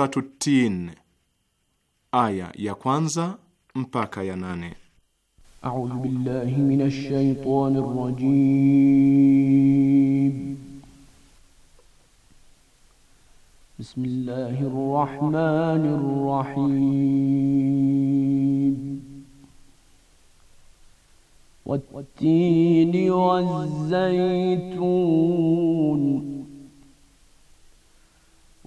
Suratu Tin, aya ya kwanza mpaka ya nane. A'udhu billahi minash shaitanir rajim. Bismillahir rahmanir rahim. والتين والزيتون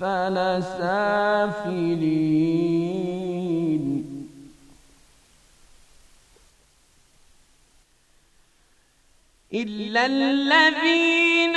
فلا سافلين إلا الذين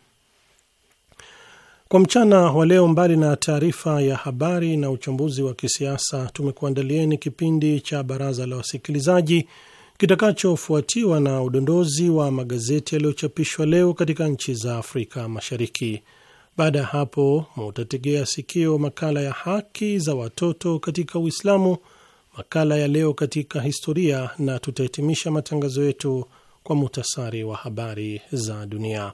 Kwa mchana wa leo, mbali na taarifa ya habari na uchambuzi wa kisiasa, tumekuandalieni kipindi cha baraza la wasikilizaji kitakachofuatiwa na udondozi wa magazeti yaliyochapishwa leo katika nchi za Afrika Mashariki. Baada ya hapo, mutategea sikio makala ya haki za watoto katika Uislamu, makala ya leo katika historia, na tutahitimisha matangazo yetu kwa muhtasari wa habari za dunia.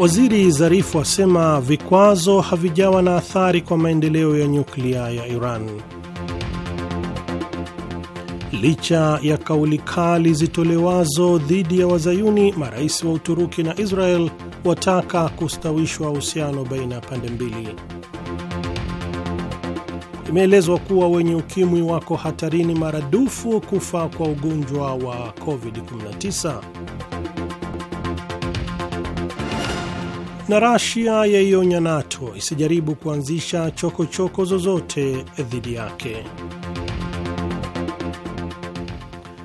Waziri Zarifu asema vikwazo havijawa na athari kwa maendeleo ya nyuklia ya Iran. Licha ya kauli kali zitolewazo dhidi ya wazayuni, marais wa Uturuki na Israel wataka kustawishwa uhusiano baina ya pande mbili. Imeelezwa kuwa wenye ukimwi wako hatarini maradufu kufa kwa ugonjwa wa COVID-19. na Rasia yaionya NATO isijaribu kuanzisha chokochoko choko zozote dhidi yake.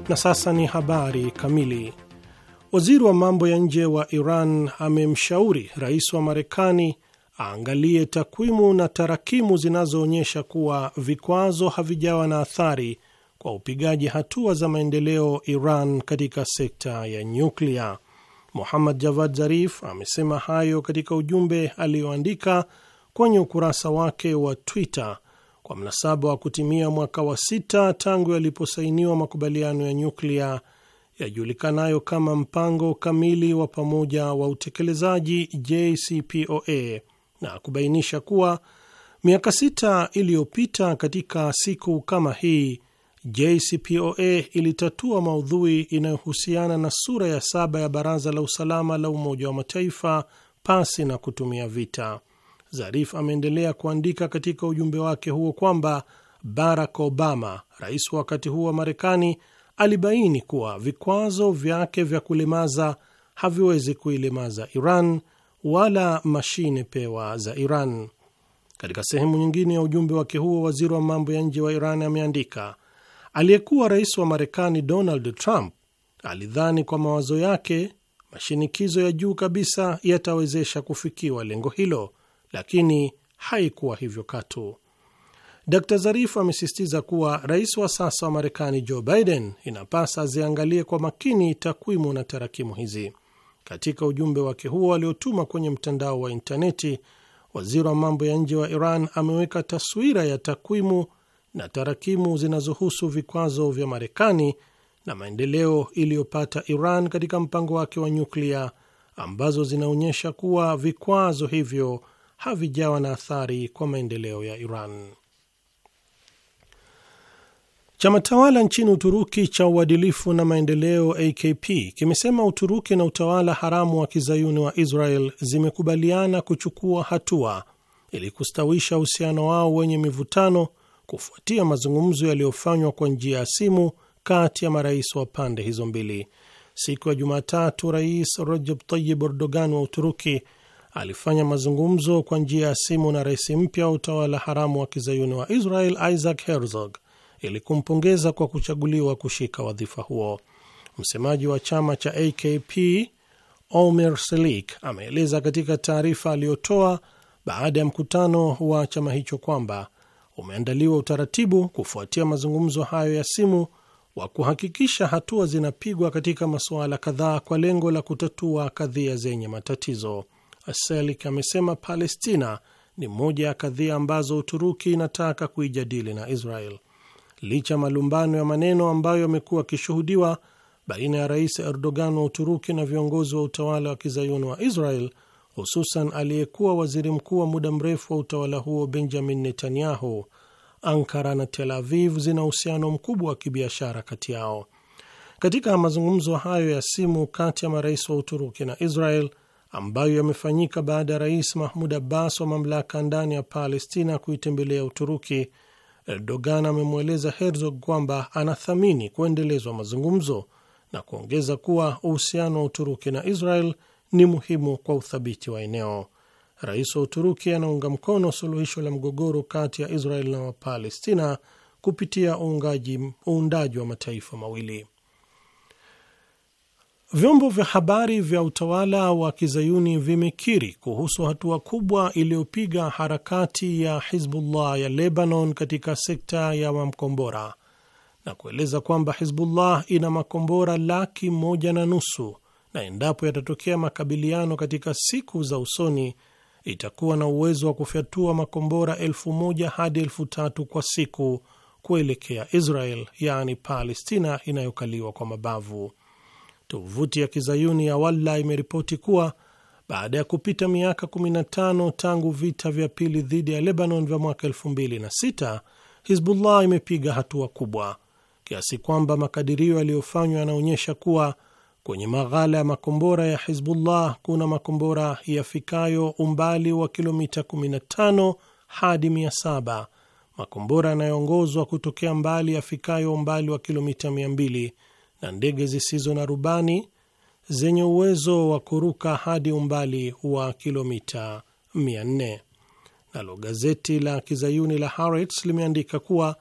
Na sasa ni habari kamili. Waziri wa mambo ya nje wa Iran amemshauri rais wa Marekani aangalie takwimu na tarakimu zinazoonyesha kuwa vikwazo havijawa na athari kwa upigaji hatua za maendeleo Iran katika sekta ya nyuklia. Muhammad Javad Zarif amesema hayo katika ujumbe aliyoandika kwenye ukurasa wake wa Twitter kwa mnasaba wa kutimia mwaka wa sita tangu yaliposainiwa makubaliano ya nyuklia yajulikanayo kama mpango kamili wa pamoja wa utekelezaji JCPOA na kubainisha kuwa miaka sita iliyopita katika siku kama hii JCPOA ilitatua maudhui inayohusiana na sura ya saba ya Baraza la Usalama la Umoja wa Mataifa pasi na kutumia vita. Zarif ameendelea kuandika katika ujumbe wake huo kwamba Barack Obama, rais wa wakati huo wa Marekani, alibaini kuwa vikwazo vyake vya kulemaza haviwezi kuilemaza Iran wala mashine pewa za Iran. Katika sehemu nyingine ya ujumbe wake huo, waziri wa mambo ya nje wa Iran ameandika Aliyekuwa rais wa Marekani Donald Trump alidhani kwa mawazo yake mashinikizo ya juu kabisa yatawezesha kufikiwa lengo hilo, lakini haikuwa hivyo katu. d Zarif amesisitiza kuwa rais wa sasa wa Marekani Joe Biden inapasa aziangalie kwa makini takwimu na tarakimu hizi. Katika ujumbe wake huo aliotuma kwenye mtandao wa intaneti, waziri wa mambo ya nje wa Iran ameweka taswira ya takwimu na tarakimu zinazohusu vikwazo vya Marekani na maendeleo iliyopata Iran katika mpango wake wa nyuklia ambazo zinaonyesha kuwa vikwazo hivyo havijawa na athari kwa maendeleo ya Iran. Chama tawala nchini Uturuki cha uadilifu na maendeleo AKP kimesema Uturuki na utawala haramu wa kizayuni wa Israel zimekubaliana kuchukua hatua ili kustawisha uhusiano wao wenye mivutano kufuatia mazungumzo yaliyofanywa kwa njia ya simu kati ya marais wa pande hizo mbili. Siku ya Jumatatu, Rais Recep Tayyip Erdogan wa Uturuki alifanya mazungumzo kwa njia ya simu na rais mpya wa utawala haramu wa kizayuni wa Israel Isaac Herzog ili kumpongeza kwa kuchaguliwa kushika wadhifa huo. Msemaji wa chama cha AKP Omer Selik ameeleza katika taarifa aliyotoa baada ya mkutano wa chama hicho kwamba umeandaliwa utaratibu kufuatia mazungumzo hayo ya simu wa kuhakikisha hatua zinapigwa katika masuala kadhaa kwa lengo la kutatua kadhia zenye matatizo. Selik amesema Palestina ni moja ya kadhia ambazo Uturuki inataka kuijadili na Israel licha malumbano ya maneno ambayo yamekuwa akishuhudiwa baina ya Rais Erdogan wa Uturuki na viongozi wa utawala wa kizayuni wa Israel hususan aliyekuwa waziri mkuu wa muda mrefu wa utawala huo Benjamin Netanyahu, Ankara na Tel Aviv zina uhusiano mkubwa wa kibiashara kati yao. Katika mazungumzo hayo ya simu kati ya marais wa Uturuki na Israel ambayo yamefanyika baada ya rais Mahmud Abbas wa mamlaka ndani ya Palestina kuitembelea Uturuki, Erdogan amemweleza Herzog kwamba anathamini kuendelezwa mazungumzo na kuongeza kuwa uhusiano wa Uturuki na Israel ni muhimu kwa uthabiti wa eneo. Rais wa Uturuki anaunga mkono suluhisho la mgogoro kati ya Israel na Wapalestina kupitia uundaji wa mataifa mawili. Vyombo vya habari vya utawala wa kizayuni vimekiri kuhusu hatua kubwa iliyopiga harakati ya Hizbullah ya Lebanon katika sekta ya makombora na kueleza kwamba Hizbullah ina makombora laki moja na nusu na endapo yatatokea makabiliano katika siku za usoni, itakuwa na uwezo wa kufyatua makombora elfu moja hadi elfu tatu kwa siku kuelekea Israel, yaani Palestina inayokaliwa kwa mabavu. Tovuti ya kizayuni ya Walla imeripoti kuwa baada ya kupita miaka 15 tangu vita vya pili dhidi ya Lebanon vya mwaka 2006 Hizbullah imepiga hatua kubwa kiasi kwamba makadirio yaliyofanywa yanaonyesha kuwa Kwenye maghala ya makombora ya Hizbullah kuna makombora yafikayo umbali wa kilomita 15 hadi 700, makombora yanayoongozwa kutokea mbali yafikayo umbali wa kilomita 200, na ndege zisizo na rubani zenye uwezo wa kuruka hadi umbali wa kilomita 400. Nalo gazeti la kizayuni la Haaretz limeandika kuwa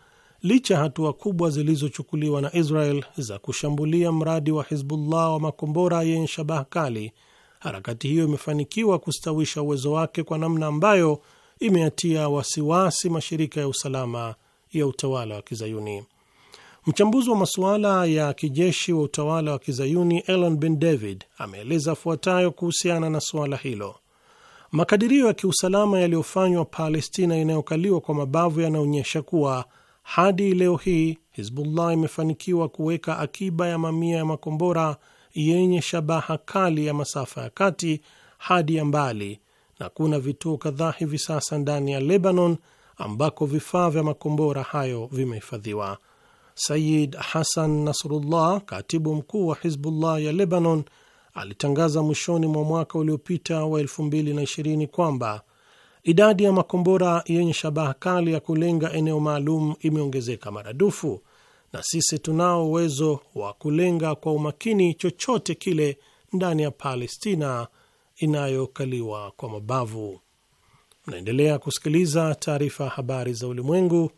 licha ya hatua kubwa zilizochukuliwa na Israel za kushambulia mradi wa Hizbullah wa makombora yenye shabaha kali, harakati hiyo imefanikiwa kustawisha uwezo wake kwa namna ambayo imeatia wasiwasi mashirika ya usalama ya utawala wa Kizayuni. Mchambuzi wa masuala ya kijeshi wa utawala wa Kizayuni Elon Ben David ameeleza afuatayo kuhusiana na suala hilo. Makadirio ya kiusalama yaliyofanywa Palestina inayokaliwa kwa mabavu yanaonyesha kuwa hadi leo hii Hizbullah imefanikiwa kuweka akiba ya mamia ya makombora yenye shabaha kali ya masafa ya kati hadi ya mbali, na kuna vituo kadhaa hivi sasa ndani ya Lebanon ambako vifaa vya makombora hayo vimehifadhiwa. Sayid Hasan Nasrullah, katibu mkuu wa Hizbullah ya Lebanon, alitangaza mwishoni mwa mwaka uliopita wa 2020 kwamba idadi ya makombora yenye shabaha kali ya kulenga eneo maalum imeongezeka maradufu, na sisi tunao uwezo wa kulenga kwa umakini chochote kile ndani ya Palestina inayokaliwa kwa mabavu. Mnaendelea kusikiliza taarifa ya habari za ulimwengu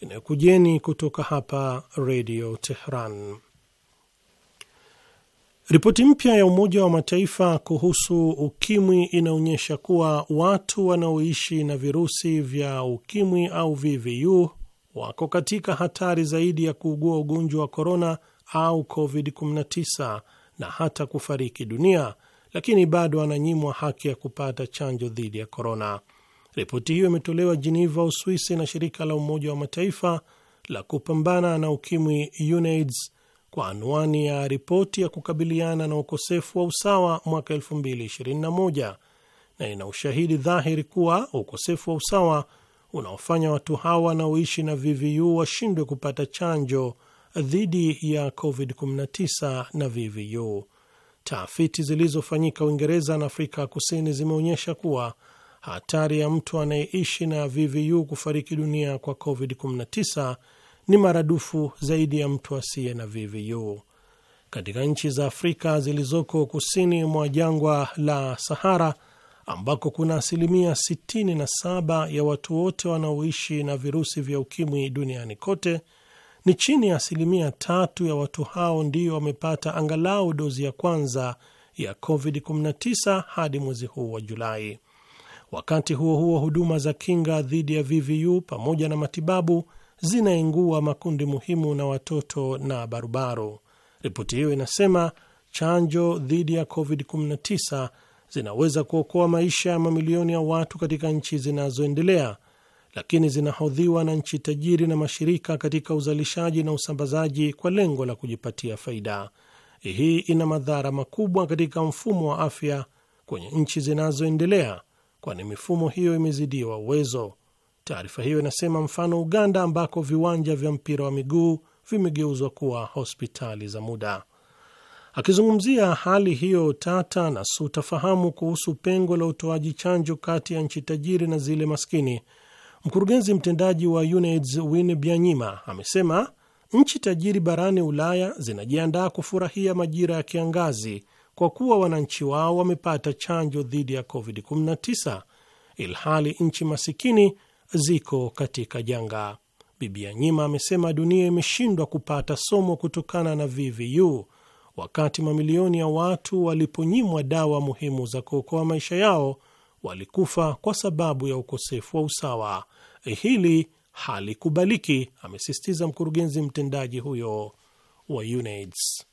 inayokujeni kutoka hapa Redio Tehran. Ripoti mpya ya Umoja wa Mataifa kuhusu ukimwi inaonyesha kuwa watu wanaoishi na virusi vya ukimwi au VVU wako katika hatari zaidi ya kuugua ugonjwa wa korona au COVID-19 na hata kufariki dunia, lakini bado ananyimwa haki ya kupata chanjo dhidi ya korona. Ripoti hiyo imetolewa Jeneva, Uswisi na shirika la Umoja wa Mataifa la kupambana na ukimwi UNAIDS kwa anwani ya ripoti ya kukabiliana na ukosefu wa usawa mwaka 2021 na ina ushahidi dhahiri kuwa ukosefu wa usawa unaofanya watu hawa wanaoishi na VVU washindwe kupata chanjo dhidi ya COVID-19 na VVU. Tafiti zilizofanyika Uingereza na Afrika Kusini zimeonyesha kuwa hatari ya mtu anayeishi na VVU kufariki dunia kwa COVID-19 ni maradufu zaidi ya mtu asiye na VVU. Katika nchi za Afrika zilizoko kusini mwa jangwa la Sahara ambako kuna asilimia 67 ya watu wote wanaoishi na virusi vya ukimwi duniani kote, ni chini ya asilimia tatu ya watu hao ndio wamepata angalau dozi ya kwanza ya COVID-19 hadi mwezi huu wa Julai. Wakati huo huo, huduma za kinga dhidi ya VVU pamoja na matibabu zinaingua makundi muhimu na watoto na barubaru. Ripoti hiyo inasema chanjo dhidi ya COVID-19 zinaweza kuokoa maisha ya mamilioni ya watu katika nchi zinazoendelea, lakini zinahodhiwa na nchi tajiri na mashirika katika uzalishaji na usambazaji kwa lengo la kujipatia faida. Hii ina madhara makubwa katika mfumo wa afya kwenye nchi zinazoendelea, kwani mifumo hiyo imezidiwa uwezo. Taarifa hiyo inasema mfano Uganda, ambako viwanja vya mpira wa miguu vimegeuzwa kuwa hospitali za muda. Akizungumzia hali hiyo tata na sutafahamu kuhusu pengo la utoaji chanjo kati ya nchi tajiri na zile maskini, mkurugenzi mtendaji wa UNAIDS Win Byanyima amesema nchi tajiri barani Ulaya zinajiandaa kufurahia majira ya kiangazi kwa kuwa wananchi wao wamepata chanjo dhidi ya COVID-19 ilhali nchi masikini ziko katika janga. Bibi Anyima amesema dunia imeshindwa kupata somo kutokana na VVU wakati mamilioni ya watu waliponyimwa dawa muhimu za kuokoa maisha yao walikufa kwa sababu ya ukosefu wa usawa. Hili halikubaliki, amesisitiza mkurugenzi mtendaji huyo wa UNAIDS.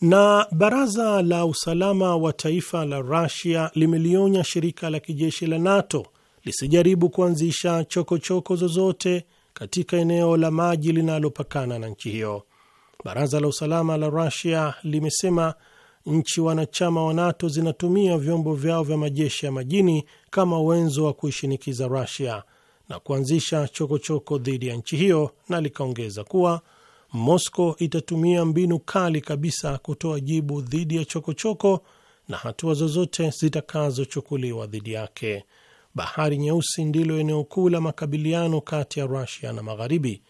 Na baraza la usalama wa taifa la rasia limelionya shirika la kijeshi la NATO lisijaribu kuanzisha chokochoko choko zozote katika eneo la maji linalopakana na nchi hiyo. Baraza la usalama la Rusia limesema nchi wanachama wa NATO zinatumia vyombo vyao vya majeshi ya majini kama wenzo wa kuishinikiza Rusia na kuanzisha chokochoko dhidi ya nchi hiyo, na likaongeza kuwa Moscow itatumia mbinu kali kabisa kutoa jibu dhidi ya chokochoko na hatua zozote zitakazochukuliwa dhidi yake. Bahari Nyeusi ndilo eneo kuu la makabiliano kati ya Rusia na Magharibi.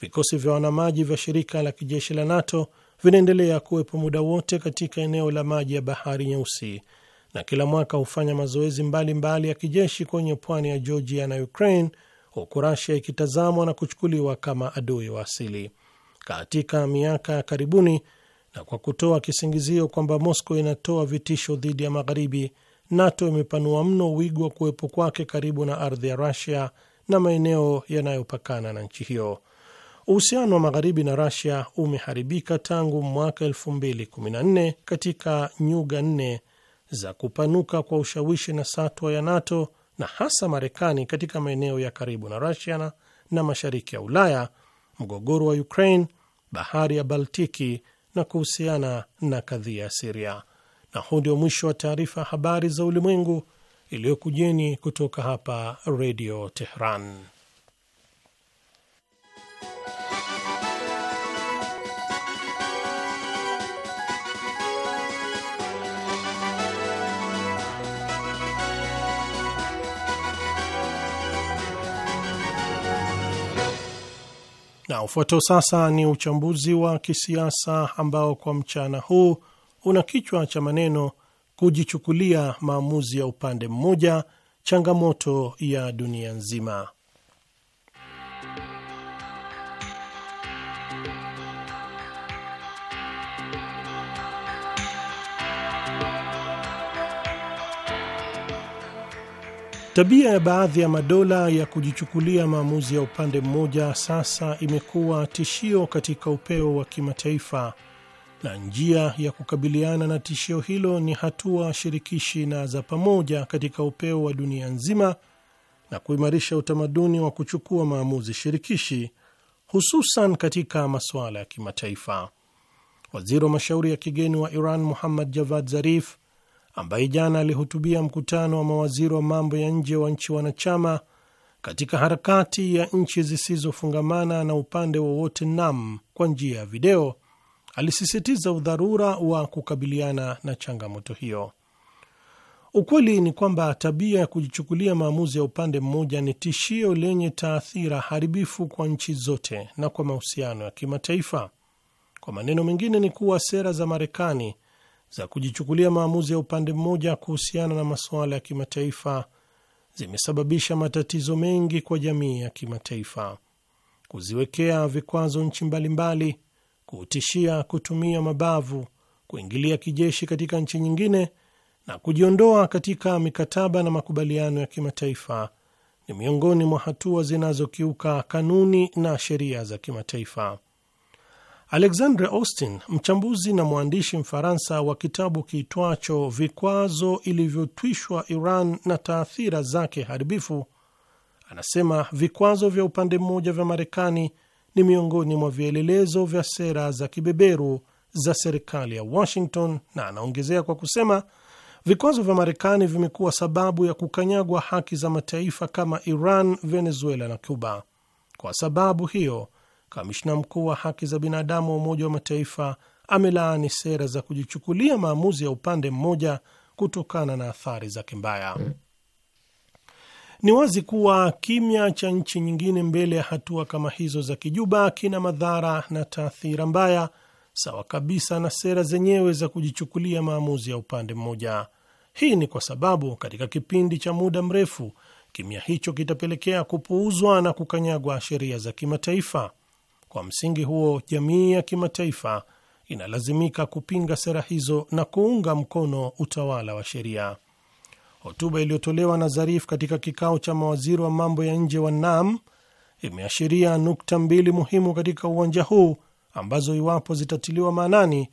Vikosi vya wanamaji vya shirika la kijeshi la NATO vinaendelea kuwepo muda wote katika eneo la maji ya Bahari Nyeusi na kila mwaka hufanya mazoezi mbalimbali mbali ya kijeshi kwenye pwani ya Georgia na Ukraine, huku Rusia ikitazamwa na kuchukuliwa kama adui wa asili. Katika miaka ya karibuni, na kwa kutoa kisingizio kwamba Moscow inatoa vitisho dhidi ya Magharibi, NATO imepanua mno wigo wa kuwepo kwake karibu na ardhi ya Rusia na maeneo yanayopakana na nchi hiyo. Uhusiano wa magharibi na Rusia umeharibika tangu mwaka 2014 katika nyuga nne za kupanuka kwa ushawishi na satwa ya NATO na hasa Marekani katika maeneo ya karibu na Rusia na, na mashariki ya Ulaya, mgogoro wa Ukraine, bahari ya Baltiki na kuhusiana na kadhia ya Siria. Na huu ndio mwisho wa taarifa ya habari za ulimwengu iliyokujeni kutoka hapa Redio Tehran. Na ufuatao sasa ni uchambuzi wa kisiasa ambao kwa mchana huu una kichwa cha maneno kujichukulia maamuzi ya upande mmoja, changamoto ya dunia nzima. Tabia ya baadhi ya madola ya kujichukulia maamuzi ya upande mmoja sasa imekuwa tishio katika upeo wa kimataifa na njia ya kukabiliana na tishio hilo ni hatua shirikishi na za pamoja katika upeo wa dunia nzima na kuimarisha utamaduni wa kuchukua maamuzi shirikishi, hususan katika masuala ya kimataifa. Waziri wa mashauri ya kigeni wa Iran Muhammad Javad Zarif, ambaye jana alihutubia mkutano wa mawaziri wa mambo ya nje wa nchi wanachama katika harakati ya nchi zisizofungamana na upande wowote NAM kwa njia ya video alisisitiza udharura wa kukabiliana na changamoto hiyo. Ukweli ni kwamba tabia ya kujichukulia maamuzi ya upande mmoja ni tishio lenye taathira haribifu kwa nchi zote na kwa mahusiano ya kimataifa. Kwa maneno mengine, ni kuwa sera za Marekani za kujichukulia maamuzi ya upande mmoja kuhusiana na masuala ya kimataifa zimesababisha matatizo mengi kwa jamii ya kimataifa. Kuziwekea vikwazo nchi mbalimbali kutishia kutumia mabavu, kuingilia kijeshi katika nchi nyingine na kujiondoa katika mikataba na makubaliano ya kimataifa ni miongoni mwa hatua zinazokiuka kanuni na sheria za kimataifa. Alexandre Austin, mchambuzi na mwandishi Mfaransa wa kitabu kiitwacho Vikwazo ilivyotwishwa Iran na taathira zake haribifu, anasema vikwazo vya upande mmoja vya Marekani ni miongoni mwa vielelezo vya sera za kibeberu za serikali ya Washington, na anaongezea kwa kusema vikwazo vya Marekani vimekuwa sababu ya kukanyagwa haki za mataifa kama Iran, Venezuela na Cuba. Kwa sababu hiyo, kamishna mkuu wa haki za binadamu wa Umoja wa Mataifa amelaani sera za kujichukulia maamuzi ya upande mmoja kutokana na athari zake mbaya. Ni wazi kuwa kimya cha nchi nyingine mbele ya hatua kama hizo za kijuba kina madhara na taathira mbaya sawa kabisa na sera zenyewe za kujichukulia maamuzi ya upande mmoja. Hii ni kwa sababu katika kipindi cha muda mrefu kimya hicho kitapelekea kupuuzwa na kukanyagwa sheria za kimataifa. Kwa msingi huo, jamii ya kimataifa inalazimika kupinga sera hizo na kuunga mkono utawala wa sheria. Hotuba iliyotolewa na Zarif katika kikao cha mawaziri wa mambo ya nje wa NAM imeashiria nukta mbili muhimu katika uwanja huu ambazo iwapo zitatiliwa maanani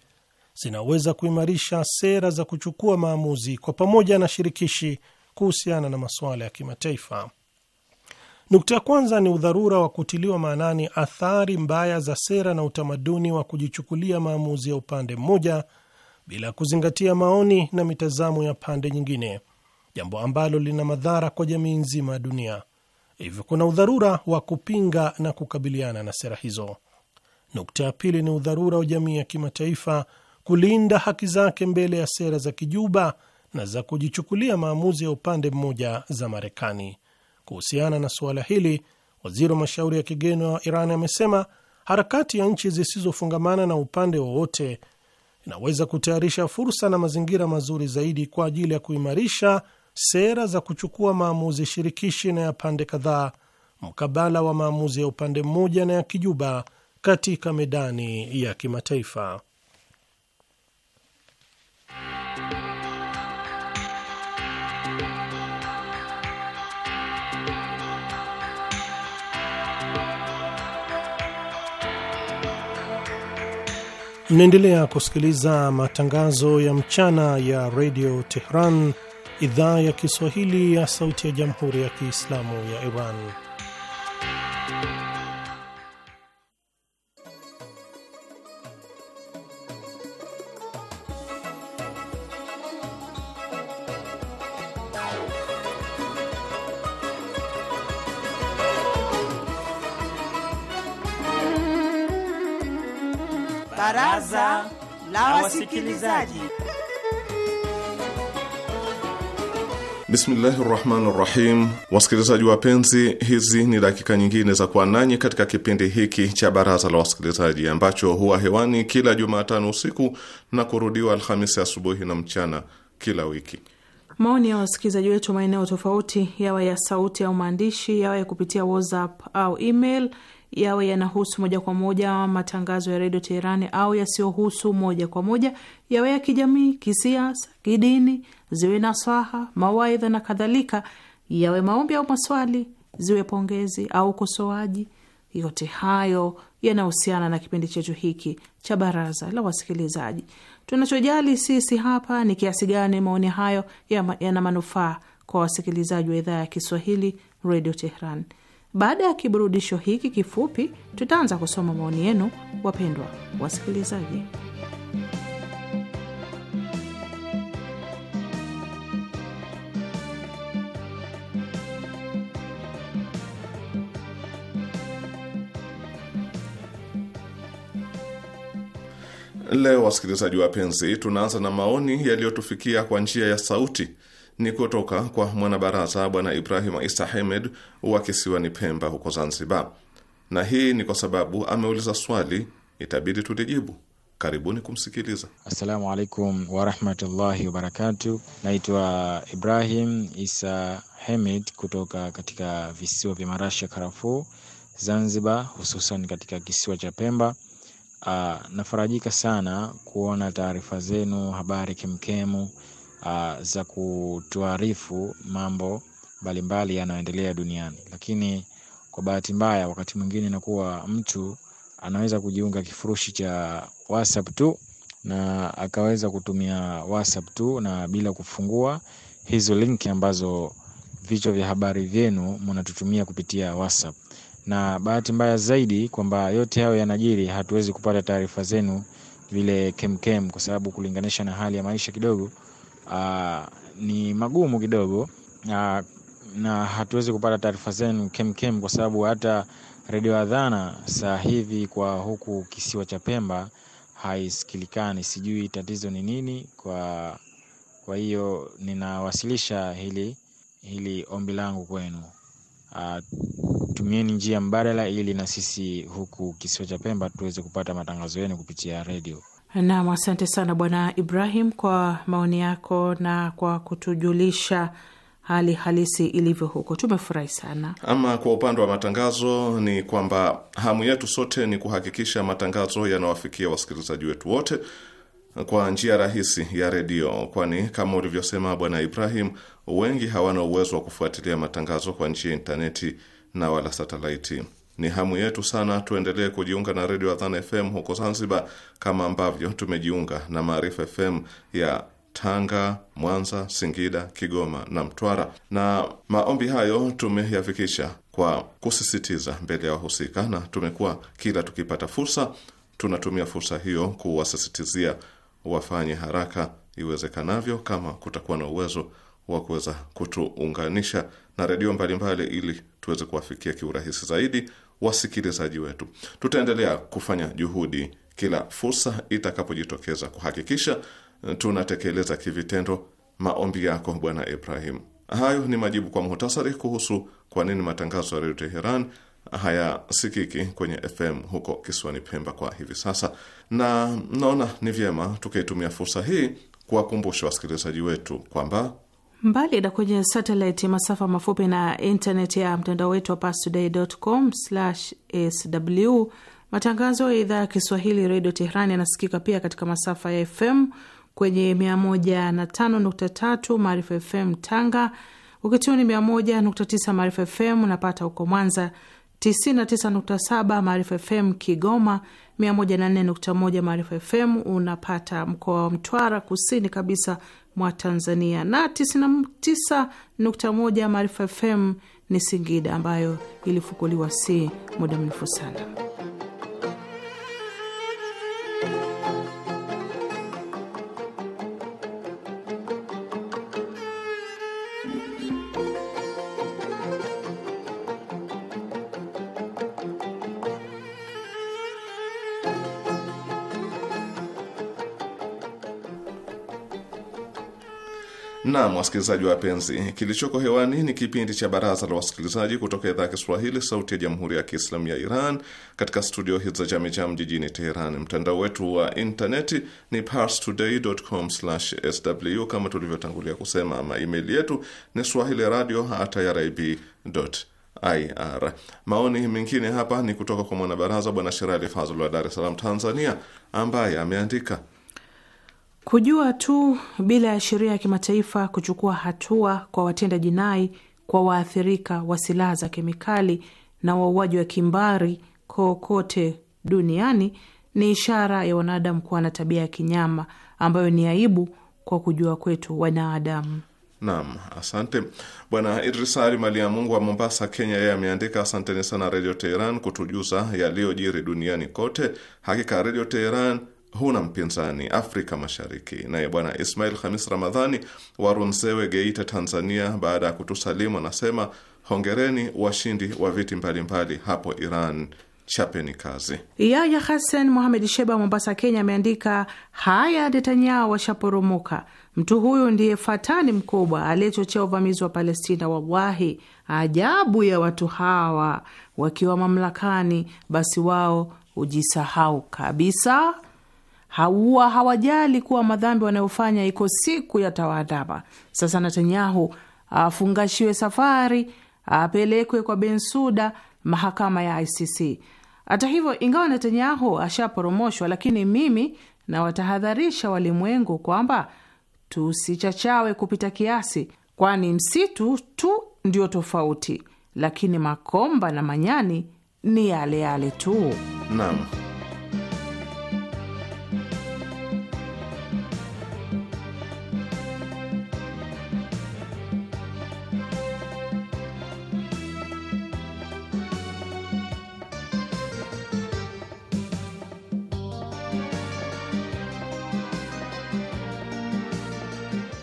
zinaweza kuimarisha sera za kuchukua maamuzi kwa pamoja na shirikishi kuhusiana na masuala ya kimataifa. Nukta ya kwanza ni udharura wa kutiliwa maanani athari mbaya za sera na utamaduni wa kujichukulia maamuzi ya upande mmoja bila kuzingatia maoni na mitazamo ya pande nyingine jambo ambalo lina madhara kwa jamii nzima ya dunia. Hivyo kuna udharura wa kupinga na kukabiliana na sera hizo. Nukta ya pili ni udharura wa jamii ya kimataifa kulinda haki zake mbele ya sera za kijuba na za kujichukulia maamuzi ya upande mmoja za Marekani. Kuhusiana na suala hili, waziri wa mashauri ya kigeni wa Iran amesema harakati ya nchi zisizofungamana na upande wowote inaweza kutayarisha fursa na mazingira mazuri zaidi kwa ajili ya kuimarisha sera za kuchukua maamuzi shirikishi na ya pande kadhaa mkabala wa maamuzi ya upande mmoja na ya kijuba katika medani ya kimataifa. Mnaendelea kusikiliza matangazo ya mchana ya redio Tehran, idhaa ya Kiswahili ya Sauti ya Jamhuri ya Kiislamu ya Iran. Baraza la Wasikilizaji. Bismillahi rahmani rahim. Wasikilizaji wapenzi, hizi ni dakika nyingine za kuwa nanyi katika kipindi hiki cha baraza la wasikilizaji ambacho huwa hewani kila Jumatano usiku na kurudiwa Alhamisi asubuhi na mchana kila wiki. Maoni ya wasikilizaji wetu maeneo tofauti, yawe ya sauti au maandishi, yawe ya kupitia WhatsApp au email yawe yanahusu moja kwa moja matangazo ya redio Teherani au yasiyohusu moja kwa moja, yawe ya kijamii, kisiasa, kidini, ziwe nasaha, mawaidha na kadhalika, yawe maombi au maswali, ziwe pongezi au ukosoaji. Yote hayo yanahusiana na kipindi chetu hiki cha Baraza la Wasikilizaji. Tunachojali sisi hapa ni kiasi gani maoni hayo yana manufaa kwa wasikilizaji wa idhaa ya Kiswahili, Redio Tehran. Baada ya kiburudisho hiki kifupi, tutaanza kusoma maoni yenu, wapendwa wasikilizaji. Leo wasikilizaji wapenzi, tunaanza na maoni yaliyotufikia kwa njia ya sauti ni kutoka kwa mwanabaraza Bwana Ibrahim Isa hemed wa kisiwani Pemba huko Zanzibar, na hii ni kwa sababu ameuliza swali, itabidi tulijibu. Karibuni kumsikiliza. Assalamu alaikum warahmatullahi wabarakatu. Naitwa Ibrahim Isa Hemed kutoka katika visiwa vya marashi ya karafuu Zanzibar, hususan katika kisiwa cha Pemba. Nafarajika sana kuona taarifa zenu, habari kemkemu uh, za kutuarifu mambo mbalimbali yanayoendelea duniani. Lakini kwa bahati mbaya, wakati mwingine inakuwa mtu anaweza kujiunga kifurushi cha WhatsApp tu na akaweza kutumia WhatsApp tu na bila kufungua hizo linki ambazo vichwa vya habari vyenu mnatutumia kupitia WhatsApp. Na bahati mbaya zaidi kwamba yote hayo yanajiri, hatuwezi kupata taarifa zenu vile kemkem, kwa sababu kulinganisha na hali ya maisha kidogo uh, ni magumu kidogo uh, na hatuwezi kupata taarifa zenu kemkem, kwa sababu hata redio Adhana saa hivi kwa huku kisiwa cha Pemba haisikilikani. Sijui tatizo ni nini. Kwa kwa hiyo ninawasilisha hili hili ombi langu kwenu. Uh, tumieni njia mbadala ili na sisi huku kisiwa cha Pemba tuweze kupata matangazo yenu kupitia redio. Nam, asante sana Bwana Ibrahim kwa maoni yako na kwa kutujulisha hali halisi ilivyo huko. Tumefurahi sana. Ama kwa upande wa matangazo ni kwamba hamu yetu sote ni kuhakikisha matangazo yanawafikia wasikilizaji wetu wote kwa njia rahisi ya redio, kwani kama ulivyosema Bwana Ibrahim, wengi hawana uwezo wa kufuatilia matangazo kwa njia ya intaneti na wala satelaiti. Ni hamu yetu sana tuendelee kujiunga na redio Adhan FM huko Zanzibar, kama ambavyo tumejiunga na Maarifa FM ya Tanga, Mwanza, Singida, Kigoma na Mtwara. Na maombi hayo tumeyafikisha kwa kusisitiza mbele ya wahusika, na tumekuwa kila tukipata fursa tunatumia fursa hiyo kuwasisitizia wafanye haraka iwezekanavyo, kama kutakuwa na uwezo wa kuweza kutuunganisha na redio mbalimbali ili tuweze kuwafikia kiurahisi zaidi wasikilizaji wetu. Tutaendelea kufanya juhudi kila fursa itakapojitokeza kuhakikisha eh, tunatekeleza kivitendo maombi yako Bwana Ibrahim. Hayo ni majibu kwa muhtasari kuhusu kwa nini matangazo ya redio Teheran hayasikiki kwenye FM huko kisiwani Pemba kwa hivi sasa, na naona ni vyema tukaitumia fursa hii kuwakumbusha wasikilizaji wetu kwamba Mbali na kwenye satellite, masafa mafupi na intaneti ya mtandao wetu wa sw matangazo ya idhaa ya Kiswahili redio Teherani yanasikika pia katika masafa ya FM kwenye 105.3 Maarifa FM Tanga, ukituni 101.9 Maarifa FM unapata huko Mwanza, 99.7 Maarifa FM Kigoma, 104.1 Maarifa FM unapata mkoa wa Mtwara, kusini kabisa mwa Tanzania, na 99.1 Maarifa FM ni Singida, ambayo ilifukuliwa si muda mrefu sana. Naam, wasikilizaji wapenzi, kilichoko hewani ni kipindi cha Baraza la Wasikilizaji kutoka idhaa ya Kiswahili, Sauti ya Jamhuri ya Kiislamu ya Iran, katika studio hizi za Jamejam jijini Teheran. Mtandao wetu wa intaneti ni parstoday.com/sw, kama tulivyotangulia kusema, ama email yetu ni swahili radio irib ir. Maoni mengine hapa ni kutoka kwa mwanabaraza Bwana Sherali Fazl wa Dar es Salaam, Tanzania, ambaye ameandika Kujua tu bila ya sheria ya kimataifa kuchukua hatua kwa watenda jinai, kwa waathirika wa silaha za kemikali na wauaji wa kimbari kokote duniani ni ishara ya wanadamu kuwa na tabia ya kinyama ambayo ni aibu kwa kujua kwetu wanadamu. Naam, asante Bwana Idris Ali Mali ya Mungu wa Mombasa, Kenya. Yeye ameandika asanteni sana Redio Teheran kutujuza yaliyojiri duniani kote. Hakika Redio Teheran huna mpinzani Afrika Mashariki. Naye bwana Ismail Khamis Ramadhani wa Runzewe, Geita, Tanzania, baada ya kutusalimu anasema hongereni washindi wa viti mbalimbali mbali hapo Iran. Chapeni kazi. Yaya hasen Muhamed Sheba, Mombasa, Kenya, ameandika haya, Netanyahu washaporomoka. Mtu huyu ndiye fatani mkubwa aliyechochea uvamizi wa Palestina. Wallahi, ajabu ya watu hawa, wakiwa mamlakani basi wao hujisahau kabisa hawa hawajali kuwa madhambi wanayofanya iko siku yatawaadhaba. Sasa Netanyahu afungashiwe safari apelekwe kwa Bensuda, mahakama ya ICC. Hata hivyo, ingawa Netanyahu ashaporomoshwa, lakini mimi nawatahadharisha walimwengu kwamba tusichachawe kupita kiasi, kwani msitu tu ndio tofauti, lakini makomba na manyani ni yale yale tu. Naam.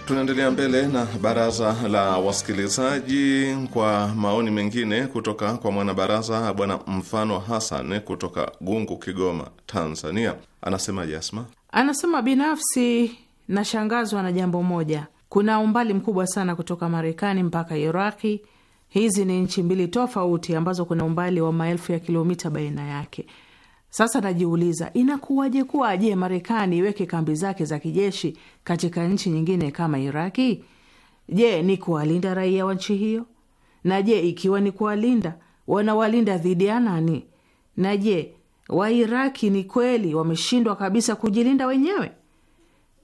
Tunaendelea mbele na baraza la wasikilizaji kwa maoni mengine kutoka kwa mwanabaraza Bwana Mfano Hassan kutoka Gungu, Kigoma, Tanzania. Anasema Jasma, anasema binafsi nashangazwa na jambo moja, kuna umbali mkubwa sana kutoka Marekani mpaka Iraki. Hizi ni nchi mbili tofauti ambazo kuna umbali wa maelfu ya kilomita baina yake. Sasa najiuliza inakuwaje kuwa je, Marekani iweke kambi zake za kijeshi katika nchi nyingine kama Iraki? Je, ni kuwalinda raia wa nchi hiyo? Na je, ikiwa ni kuwalinda, wanawalinda dhidi ya nani? Na je, Wairaki ni kweli wameshindwa kabisa kujilinda wenyewe?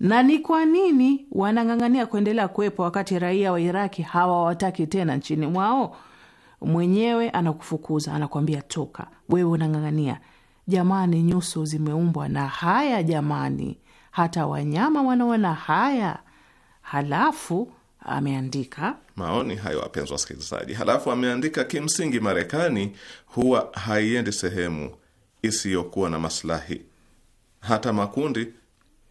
Na ni kwa nini wanang'ang'ania kuendelea kuwepo wakati raia wa Iraki hawawataki tena nchini mwao? Mwenyewe anakufukuza, anakuambia toka, wewe unang'ang'ania Jamani, nyuso zimeumbwa na haya jamani, hata wanyama wanaona haya. Halafu ameandika maoni hayo, wapenzi wasikilizaji. Halafu ameandika kimsingi, Marekani huwa haiendi sehemu isiyokuwa na maslahi. Hata makundi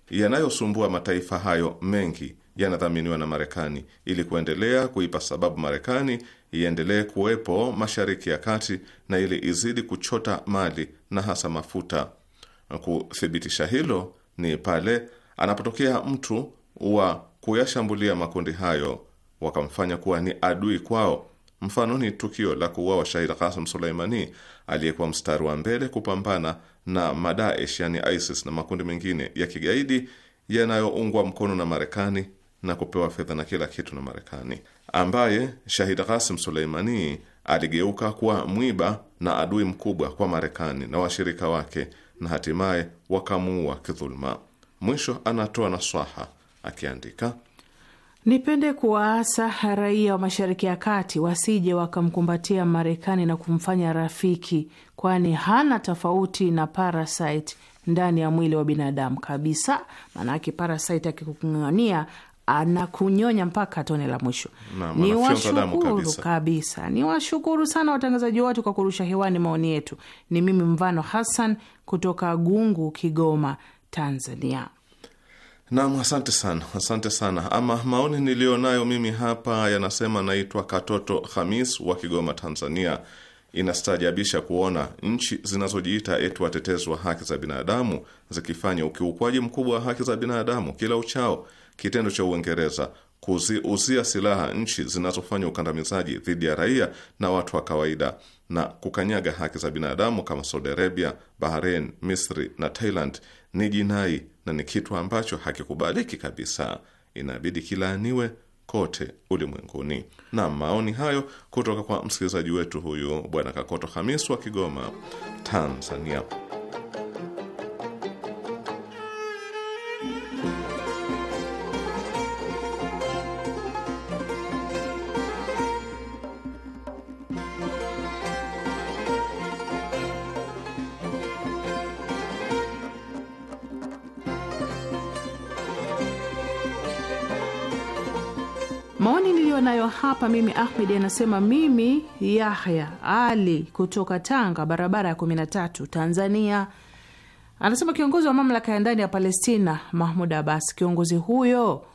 yanayosumbua mataifa hayo mengi yanadhaminiwa na Marekani ili kuendelea kuipa sababu Marekani iendelee kuwepo Mashariki ya Kati na ili izidi kuchota mali na hasa mafuta. Kuthibitisha hilo ni pale anapotokea mtu wa kuyashambulia makundi hayo wakamfanya kuwa ni adui kwao. Mfano ni tukio la kuuawa Shahid Qasim Suleimani aliyekuwa mstari wa mbele kupambana na Madaesh, yani ISIS na makundi mengine ya kigaidi yanayoungwa mkono na Marekani na kupewa fedha na kila kitu na Marekani ambaye Shahid Qasim Suleimani aligeuka kuwa mwiba na adui mkubwa kwa Marekani na washirika wake na hatimaye wakamuua kidhuluma. Mwisho anatoa naswaha akiandika, nipende kuwaasa raia wa Mashariki ya Kati wasije wakamkumbatia Marekani na kumfanya rafiki, kwani hana tofauti na parasite ndani ya mwili wa binadamu kabisa. Maanake parasite akikung'ang'ania anakunyonya mpaka tone la mwisho. Ni washukuru kabisa, Ni washukuru sana watangazaji wote kwa kurusha hewani maoni yetu. Ni mimi Mvano Hassan kutoka Gungu, Kigoma, Tanzania. Naam, asante sana, asante sana. Ama maoni niliyo nayo mimi hapa yanasema, naitwa Katoto Hamis wa Kigoma, Tanzania. Inastaajabisha kuona nchi zinazojiita eti watetezi wa haki za binadamu zikifanya ukiukwaji mkubwa wa haki za binadamu kila uchao kitendo cha Uingereza kuziuzia silaha nchi zinazofanya ukandamizaji dhidi ya raia na watu wa kawaida na kukanyaga haki za binadamu kama Saudi Arabia, Bahrain, Misri na Thailand ni jinai na ni kitu ambacho hakikubaliki kabisa, inabidi kilaaniwe kote ulimwenguni. Na maoni hayo kutoka kwa msikilizaji wetu huyu Bwana Kakoto Hamis wa Kigoma, Tanzania. hapa mimi Ahmed anasema mimi Yahya Ali kutoka Tanga, barabara ya kumi na tatu, Tanzania. Anasema kiongozi wa mamlaka ya ndani ya Palestina Mahmud Abbas, kiongozi huyo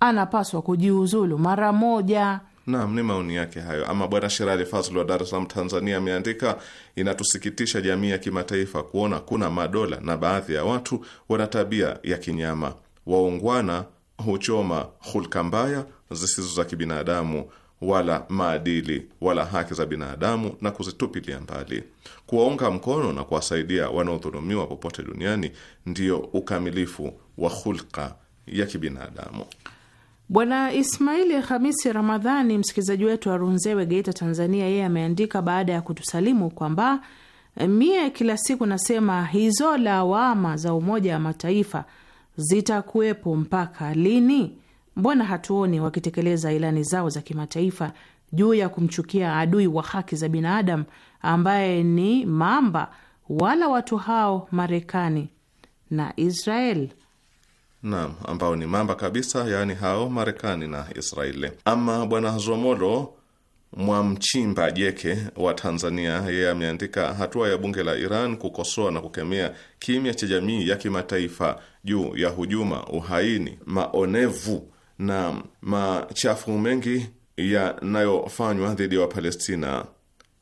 anapaswa kujiuzulu mara moja. Naam, ni maoni yake hayo. Ama bwana Sherali Fazl wa Dar es Salaam, Tanzania, ameandika inatusikitisha jamii ya kimataifa kuona kuna madola na baadhi ya watu wana tabia ya kinyama. Waungwana huchoma hulka mbaya zisizo za kibinadamu wala maadili wala haki za binadamu na kuzitupilia mbali. Kuwaunga mkono na kuwasaidia wanaodhulumiwa popote duniani ndiyo ukamilifu wa hulka ya kibinadamu. Bwana Ismaili Hamisi Ramadhani, msikilizaji wetu wa Runzewe, Geita, Tanzania, yeye ameandika baada ya kutusalimu kwamba eh, mie kila siku nasema hizo lawama za Umoja wa Mataifa zitakuwepo mpaka lini? Mbona hatuoni wakitekeleza ilani zao za kimataifa juu ya kumchukia adui wa haki za binadamu ambaye ni mamba, wala watu hao Marekani na israel Naam, ambao ni mamba kabisa, yaani hao Marekani na Israeli. Ama bwana Zomolo Mwamchimba Jeke wa Tanzania, yeye ameandika hatua ya bunge la Iran kukosoa na kukemea kimya cha jamii ya kimataifa juu ya hujuma, uhaini, maonevu na machafu mengi yanayofanywa dhidi ya Wapalestina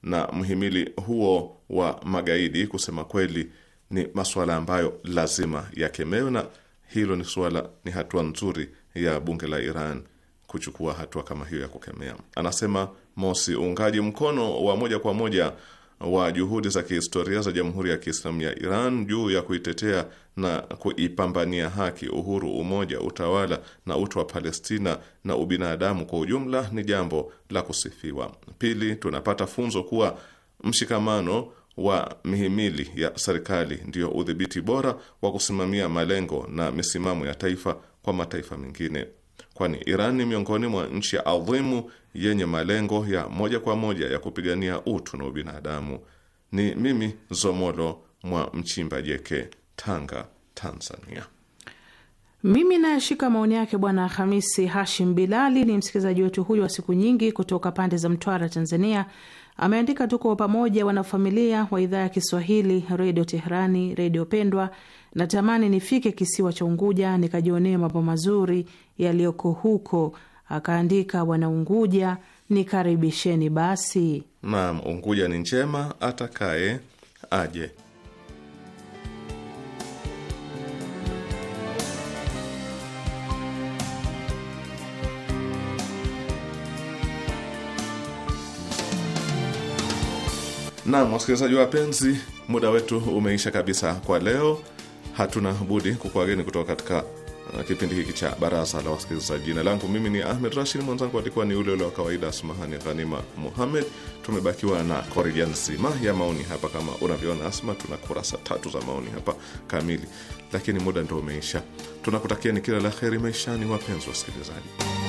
na mhimili huo wa magaidi, kusema kweli, ni masuala ambayo lazima yakemewe, na hilo ni suala, ni hatua nzuri ya bunge la Iran kuchukua hatua kama hiyo ya kukemea. Anasema mosi, uungaji mkono wa moja kwa moja wa juhudi za kihistoria za Jamhuri ya Kiislamu ya Iran juu ya kuitetea na kuipambania haki, uhuru, umoja, utawala na utu wa Palestina na ubinadamu kwa ujumla ni jambo la kusifiwa. Pili, tunapata funzo kuwa mshikamano wa mihimili ya serikali ndiyo udhibiti bora wa kusimamia malengo na misimamo ya taifa kwa mataifa mengine, kwani Iran ni miongoni mwa nchi adhimu yenye malengo ya moja kwa moja ya kupigania utu na ubinadamu. Ni mimi Zomolo mwa Mchimba Jeke, Tanga, Tanzania. Mimi nayeshika maoni yake Bwana Hamisi Hashim Bilali, ni msikilizaji wetu huyu wa siku nyingi kutoka pande za Mtwara, Tanzania. Ameandika, tuko pamoja wanafamilia wa idhaa ya Kiswahili Redio Teherani, redio pendwa. Natamani nifike kisiwa cha Unguja nikajionee mambo mazuri yaliyoko huko akaandika Wanaunguja, nikaribisheni basi. Naam, Unguja ni njema, atakaye aje. Naam, wasikilizaji wapenzi, muda wetu umeisha kabisa kwa leo. Hatuna budi kukuageni kutoka katika Uh, kipindi hiki cha baraza la wasikilizaji. Jina langu mimi ni Ahmed Rashid, mwenzangu alikuwa ni yule ule wa kawaida Asmahani Ghanima Muhammed. Tumebakiwa na korija nzima ya maoni hapa. Kama unavyoona Asma, tuna kurasa tatu za maoni hapa kamili, lakini muda ndo umeisha. Tunakutakia ni kila la heri maishani, wapenzi wasikilizaji.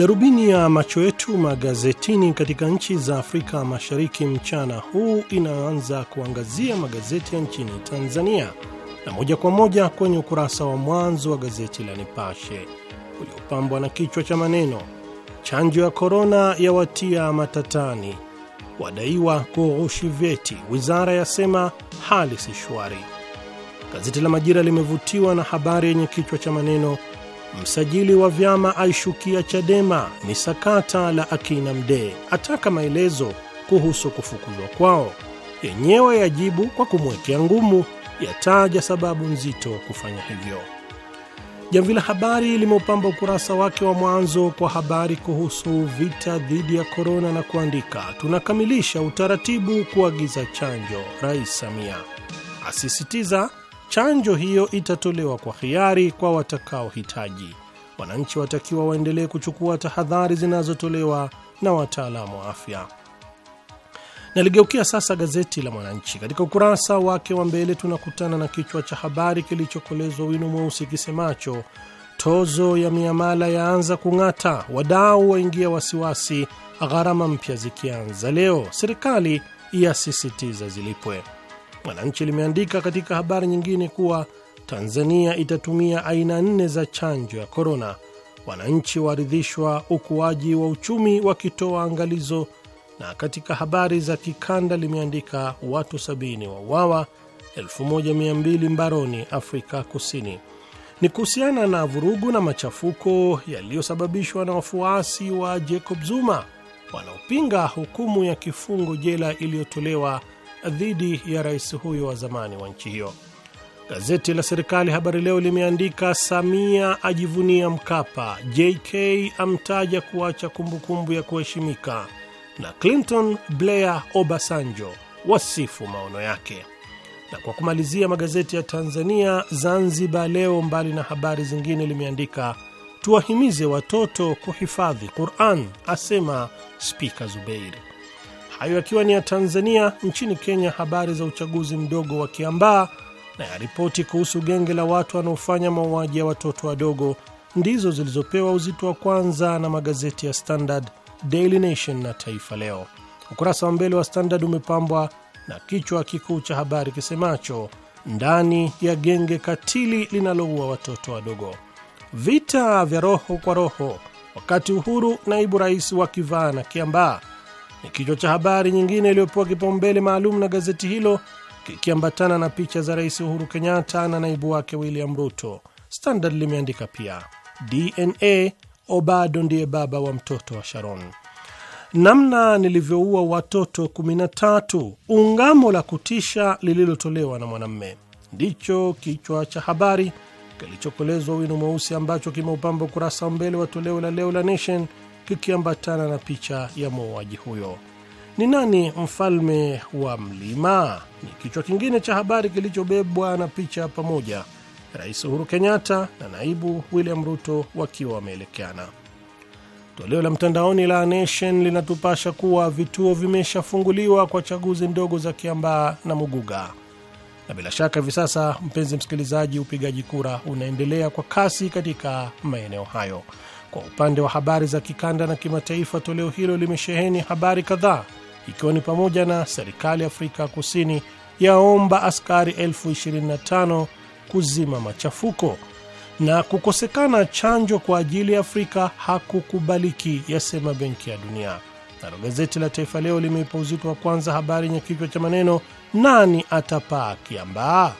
Darubini ya macho yetu magazetini katika nchi za Afrika Mashariki mchana huu inaanza kuangazia magazeti ya nchini Tanzania, na moja kwa moja kwenye ukurasa wa mwanzo wa gazeti la Nipashe uliopambwa na kichwa cha maneno chanjo ya korona yawatia matatani, wadaiwa kughushi vyeti, wizara yasema hali si shwari. Gazeti la Majira limevutiwa na habari yenye kichwa cha maneno Msajili wa vyama aishukia Chadema ni sakata la akina Mdee, ataka maelezo kuhusu kufukuzwa kwao, yenyewe yajibu kwa kumwekea ngumu, yataja sababu nzito kufanya hivyo. Jamvi la Habari limeupamba ukurasa wake wa mwanzo kwa habari kuhusu vita dhidi ya korona na kuandika, tunakamilisha utaratibu kuagiza chanjo, Rais Samia asisitiza Chanjo hiyo itatolewa kwa hiari kwa watakaohitaji. Wananchi watakiwa waendelee kuchukua tahadhari zinazotolewa na wataalamu wa afya. Naligeukia sasa gazeti la Mwananchi. Katika ukurasa wake wa mbele, tunakutana na kichwa cha habari kilichokolezwa wino mweusi kisemacho tozo ya miamala yaanza kung'ata, wadau waingia wasiwasi, gharama mpya zikianza leo, serikali yasisitiza zilipwe. Mwananchi limeandika katika habari nyingine kuwa Tanzania itatumia aina nne za chanjo ya korona. Wananchi waridhishwa ukuaji wa uchumi wakitoa wa angalizo. Na katika habari za kikanda limeandika watu 70 wauawa, 1200 mbaroni Afrika Kusini. Ni kuhusiana na vurugu na machafuko yaliyosababishwa na wafuasi wa Jacob Zuma wanaopinga hukumu ya kifungo jela iliyotolewa dhidi ya rais huyo wa zamani wa nchi hiyo. Gazeti la serikali Habari Leo limeandika Samia ajivunia Mkapa, JK amtaja kuacha kumbukumbu ya kuheshimika, na Clinton, Blair, Obasanjo wasifu maono yake. Na kwa kumalizia magazeti ya Tanzania, Zanzibar Leo, mbali na habari zingine, limeandika tuwahimize watoto kuhifadhi Quran, asema Spika Zubeiri. Hayo yakiwa ni ya Tanzania. Nchini Kenya, habari za uchaguzi mdogo wa Kiambaa na ya ripoti kuhusu genge la watu wanaofanya mauaji ya watoto wadogo ndizo zilizopewa uzito wa kwanza na magazeti ya Standard, Daily Nation na Taifa Leo. Ukurasa wa mbele wa Standard umepambwa na kichwa kikuu cha habari kisemacho ndani ya genge katili linaloua watoto wadogo, vita vya roho kwa roho, wakati Uhuru naibu rais wakivaa na kiambaa ni kichwa cha habari nyingine iliyopewa kipaumbele maalum na gazeti hilo, kikiambatana na picha za Rais Uhuru Kenyatta na naibu wake William Ruto. Standard limeandika pia DNA Obado ndiye baba wa mtoto wa Sharon, namna nilivyoua watoto 13, ungamo la kutisha lililotolewa na mwanamme, ndicho kichwa cha habari kilichokolezwa wino mweusi ambacho kimeupamba ukurasa wa mbele wa toleo la leo la Nation kikiambatana na picha ya muuaji huyo. Ni nani mfalme wa mlima? Ni kichwa kingine cha habari kilichobebwa na picha pamoja, Rais Uhuru Kenyatta na naibu William Ruto wakiwa wameelekeana. Toleo la mtandaoni la Nation linatupasha kuwa vituo vimeshafunguliwa kwa chaguzi ndogo za Kiambaa na Muguga, na bila shaka hivi sasa, mpenzi msikilizaji, upigaji kura unaendelea kwa kasi katika maeneo hayo. Kwa upande wa habari za kikanda na kimataifa, toleo hilo limesheheni habari kadhaa, ikiwa ni pamoja na serikali Afrika Kusini yaomba askari elfu 25 kuzima machafuko na kukosekana chanjo kwa ajili ya Afrika hakukubaliki, yasema Benki ya Dunia. Nalo gazeti la Taifa Leo limeipa uzito wa kwanza habari yenye kichwa cha maneno nani atapaa kiambaa,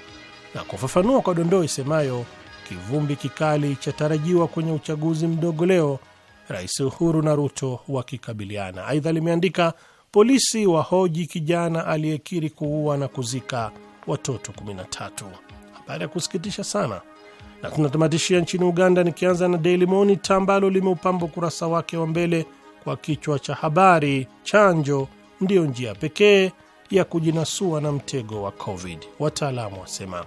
na kufafanua kwa dondoo isemayo kivumbi kikali chatarajiwa kwenye uchaguzi mdogo leo, Rais Uhuru na Ruto wakikabiliana. Aidha limeandika polisi wahoji kijana aliyekiri kuua na kuzika watoto 13. Habari ya kusikitisha sana. Na tunatamatishia nchini Uganda, nikianza na Daily Monitor ambalo limeupamba ukurasa wake wa mbele kwa kichwa cha habari, chanjo ndiyo njia pekee ya kujinasua na mtego wa Covid, wataalamu wasema.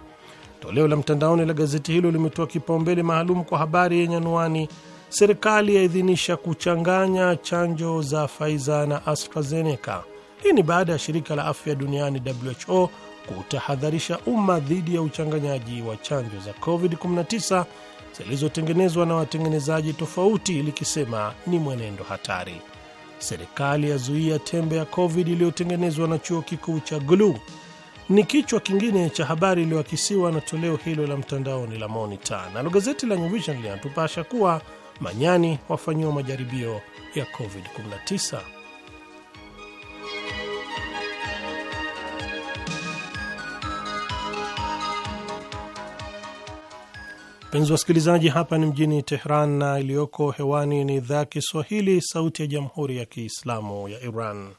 Toleo la mtandaoni la gazeti hilo limetoa kipaumbele maalum kwa habari yenye anwani serikali yaidhinisha kuchanganya chanjo za Pfizer na AstraZeneca. Hii ni baada ya shirika la afya duniani WHO kutahadharisha umma dhidi ya uchanganyaji wa chanjo za COVID-19 zilizotengenezwa na watengenezaji tofauti, likisema ni mwenendo hatari. Serikali yazuia tembe ya COVID iliyotengenezwa na chuo kikuu cha gluu ni kichwa kingine cha habari iliyoakisiwa na toleo hilo la mtandaoni la Monita. Nalo gazeti la New Vision linatupasha kuwa manyani wafanyiwa majaribio ya COVID-19. Mpenzi wasikilizaji, hapa ni mjini Tehran na iliyoko hewani ni idhaa ya Kiswahili, Sauti ya Jamhuri ya Kiislamu ya Iran.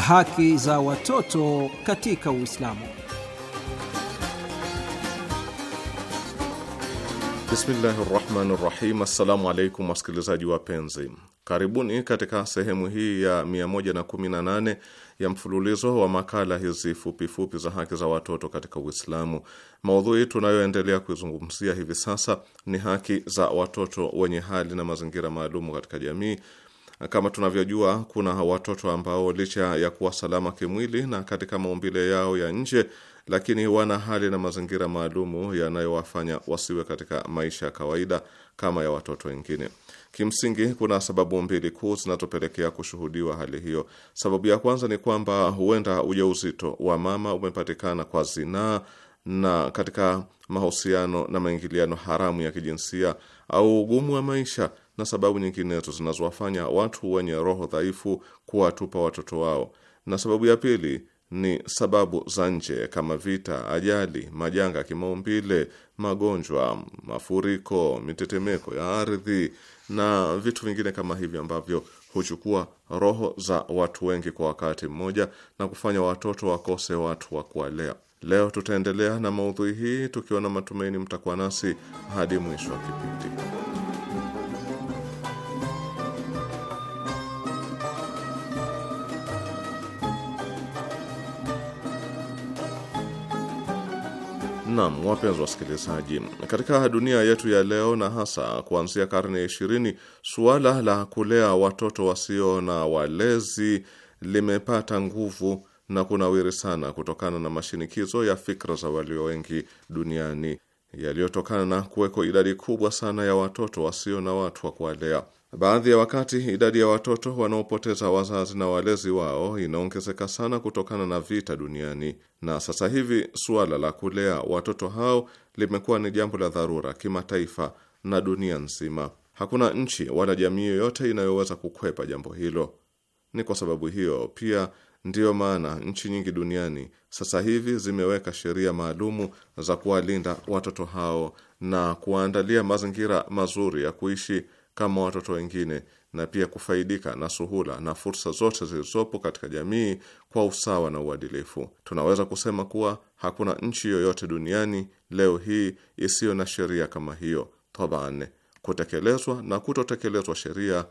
Haki za watoto katika Uislamu. Bismillahi rahmani rahim. Assalamu alaikum wasikilizaji wapenzi, karibuni katika sehemu hii ya 118 ya mfululizo wa makala hizi fupifupi za haki za watoto katika Uislamu. Maudhui tunayoendelea kuizungumzia hivi sasa ni haki za watoto wenye hali na mazingira maalumu katika jamii kama tunavyojua, kuna watoto ambao licha ya kuwa salama kimwili na katika maumbile yao ya nje, lakini wana hali na mazingira maalumu yanayowafanya wasiwe katika maisha ya kawaida kama ya watoto wengine. Kimsingi, kuna sababu mbili kuu zinazopelekea kushuhudiwa hali hiyo. Sababu ya kwanza ni kwamba huenda ujauzito wa mama umepatikana kwa zinaa na katika mahusiano na maingiliano haramu ya kijinsia au ugumu wa maisha na sababu nyinginezo zinazowafanya watu wenye roho dhaifu kuwatupa watoto wao. Na sababu ya pili ni sababu za nje kama vita, ajali, majanga ya kimaumbile, magonjwa, mafuriko, mitetemeko ya ardhi na vitu vingine kama hivyo ambavyo huchukua roho za watu wengi kwa wakati mmoja na kufanya watoto wakose watu wa kuwalea. Leo tutaendelea na maudhui hii tukiwa na matumaini mtakuwa nasi hadi mwisho wa kipindi. Naam, wapenzi wasikilizaji, katika dunia yetu ya leo na hasa kuanzia karne ya ishirini, suala la kulea watoto wasio na walezi limepata nguvu na kunawiri sana kutokana na mashinikizo ya fikra za walio wengi duniani yaliyotokana na kuweko idadi kubwa sana ya watoto wasio na watu wa kuwalea. Baadhi ya wakati idadi ya watoto wanaopoteza wazazi na walezi wao inaongezeka sana kutokana na vita duniani, na sasa hivi suala la kulea watoto hao limekuwa ni jambo la dharura kimataifa na dunia nzima. Hakuna nchi wala jamii yoyote inayoweza kukwepa jambo hilo. Ni kwa sababu hiyo pia ndiyo maana nchi nyingi duniani sasa hivi zimeweka sheria maalumu za kuwalinda watoto hao na kuwaandalia mazingira mazuri ya kuishi kama watoto wengine na pia kufaidika na suhula na fursa zote zilizopo katika jamii kwa usawa na uadilifu. Tunaweza kusema kuwa hakuna nchi yoyote duniani leo hii isiyo na sheria kama hiyo. Tabaan, kutekelezwa na kutotekelezwa sheria